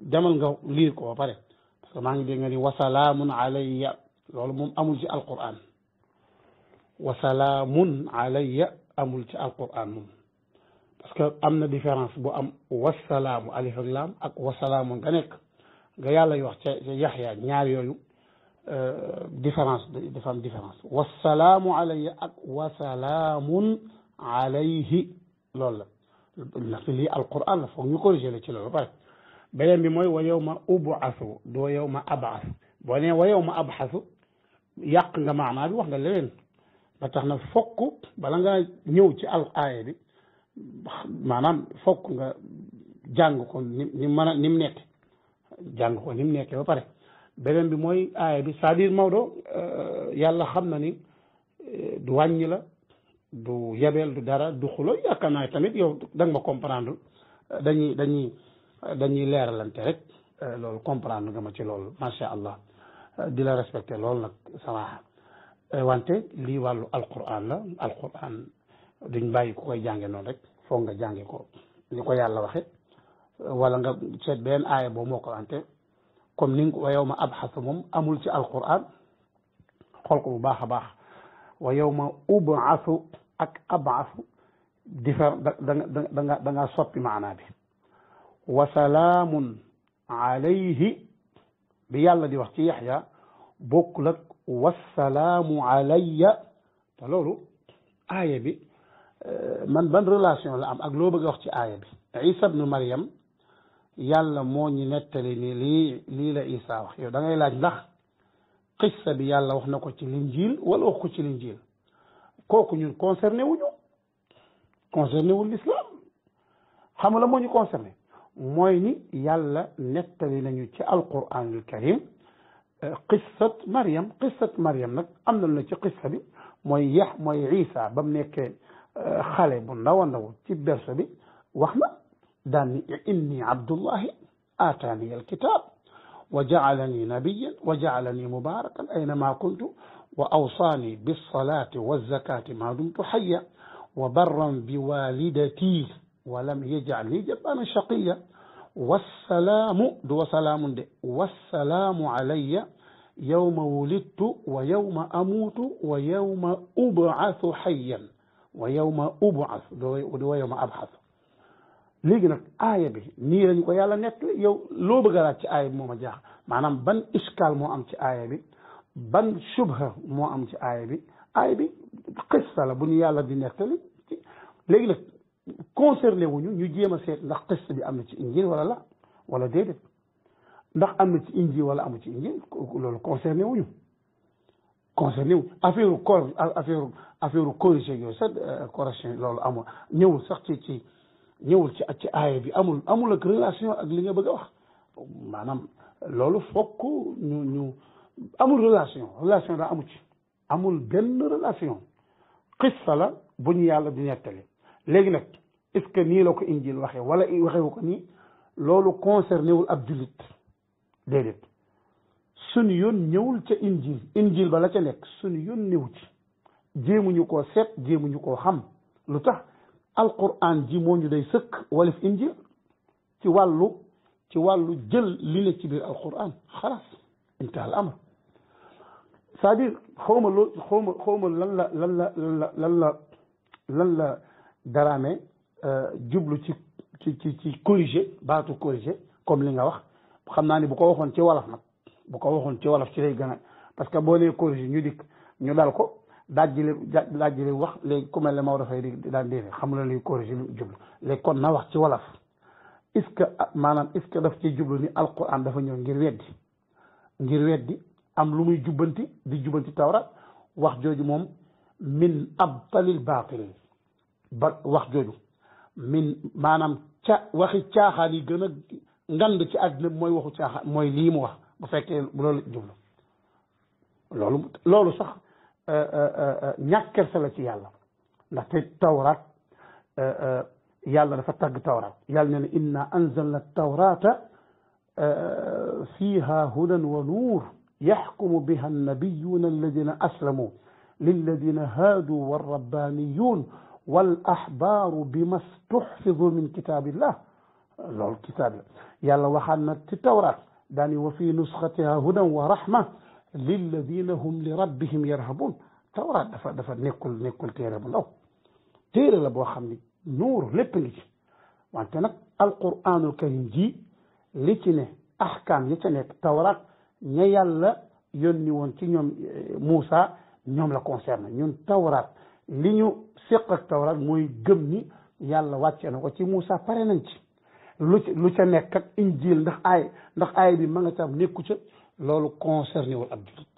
demal nga liir ko ba pare parce que maa ngi dégg nga ni wasalaamun alayya loolu moom amul ci alquran wasalaamun alayya amul ci alquran moom parce que am na différence bu am wasalaamu alif ak laam ak wasalaamu nga nekk nga yàlla yu wax ca yaxya ñaar yooyu euh, différence dafa am différence wasalaamu ak wasalaamun alayhi loolu la ndaxte lii alquran la foog ñu corrigé la ci loolu pare beneen bi mooy wa yow ma ubasu doo yow ma boo nee wa yow ma abxasu nga maanaa wax nga leneen ba na fokk bala nga ci al bi maanaam fokk nga jàng ko ni ni mën a ni mu nekk ba pare beneen bi mooy aaya bi c'est-à-dire euh, yàlla xam na ni euh, du wàññi la du yabeel du dara du xulo yaakaar naa tamit yow da nga ma comprendre euh, dañuy dañuy dañuy leeralante rek loolu comprendre nga ma ci loolu macha allah di la respecté loolu nag sama wante lii wàllu alquran la alquran duñ bàyyi ku koy jànge noonu rek foog nga jànge ko ni ko yàlla waxe wala nga seet benn aaya moo ko ante comme ni wa yow ma abxasa moom amul ci alquran xool bu baax a baax wa yow ma ubasu ak abasu diffère soppi maanaa bi wa salaamun alayhi bi yàlla di wax ci yaxya bokkul ak wasalaamu alayya te man ban relation la am ak lo beug wax ci aya bi isa ibn maryam yàlla mo ñi netali ni li li la isa wax yow da ngay laaj ndax qissa bi yàlla wax nako ci linjil wala wax ko ci linjil koku ñun concerné wuñu concerné wul islam xam nga la moo ñu concerné moy ni yàlla netali nañu ci alquran alkarim قصة مريم قصة مريم نك أمنا na lu ne ci qissa bi mooy yax mooy xale bu ndaw a ndaw ci berse bi wax na daan ni inni abdullahi aataani alkitab wa jacalani nabiyan wa jacalani mubarakan aynama kuntu wa awsaani bilsalati walzakati ma dumtu xaya wa barran biwalidati walam yajcalni jabbaanan shaqiya wassalaamu duwa salaamun de wassalaamu calaya yowma wulidtu wa yowma amuutu wa yowma ubcasu xayan wa yow ma ubuas du wa yow léegi nag aaya bi nii lañ ko yàlla nekk yow loo bëgg a ci aaya bi moo ma jaax maanaam ban iskaal moo am ci aaya bi ban subha moo am ci aaya bi aaya bi qissa la bu ñu yàlla di nettali léegi nag concerné wuñu ñu jéem a seet ndax qissa bi am na ci injil wala la wala déedéet ndax am na ci injil wala amu ci injil loolu concerné wuñu concerné wu affaire u affaire affaire yooyu sax euh, correction loolu amul ñëwul sax ci ci ñëwul ci ci aaya bi amul amul ak relation ak li nga bëgg a wax maanaam loolu fokk ñu ñu amul relation relation daa amu ci amul benn relation xissa la bu ñu yàlla di nettali léegi nag est ce que nii la ko injil waxee wala waxewu ko nii loolu concerné wul ab jullit déedéet suñu yoon ca injil injil ba la ca nekk suñu yoon ñëw ci jéemuñu koo seet jéemuñu koo xam lu tax alquran ji moo ñu day sëkk walif injil ci wàllu ci wàllu jël li ne ci biir alquran xalaas intaal amr c'est-à-dire xawma lan la lan la lan la lan la lan la daraame euh, jublu ci ci ci ci corriger baatu corriger comme li nga wax xam naa ni bu ko waxoon ci wolof nag bu ko waxoon ci wolof ci lay gën a parce que boo nee corrigé ñu dikk ñu daal ko daajjile daajjile wax léegi comme mel ne Maodo Faye di daan déedéet xamula luy corrigé lu jublu léegi kon na wax ci wolof est ce que maanaam est ce que daf ci jublu ni alquran dafa ñëw ngir weddi ngir weddi am lu muy jubbanti di jubbanti tawra wax jooju moom min abtalil baatil ba wax jooju min maanaam ca waxi caaxaan yi gën a ngand ci àddina mooy waxu caaxaan mooy lii mu wax bu fekke mu lolu djublu lolu lolu sax euh euh ñakkel sala للذين هادوا والربانيون والأحبار بما استحفظوا من كتاب الله لول كتاب يلا وخانا التوراة داني يعني وفي نسختها هدى ورحمة للذين هم لربهم يرهبون ترى دفع دفع نيكل نيكل تيرا بلو تيرا لبو خمني نور لبنج وانت نك القرآن الكريم جي لتنة أحكام يتنة التوراة نيال يوني وانتين موسى نيوم لا كونسيرن نيوم التوراة لينو سيق التوراة موي جمني يالا واتي انا واتي موسى فارننجي lu ca lu ca nekk ak injil ndax aay ndax aay bi ma nga ca am ca loolu concerné wul ab jullit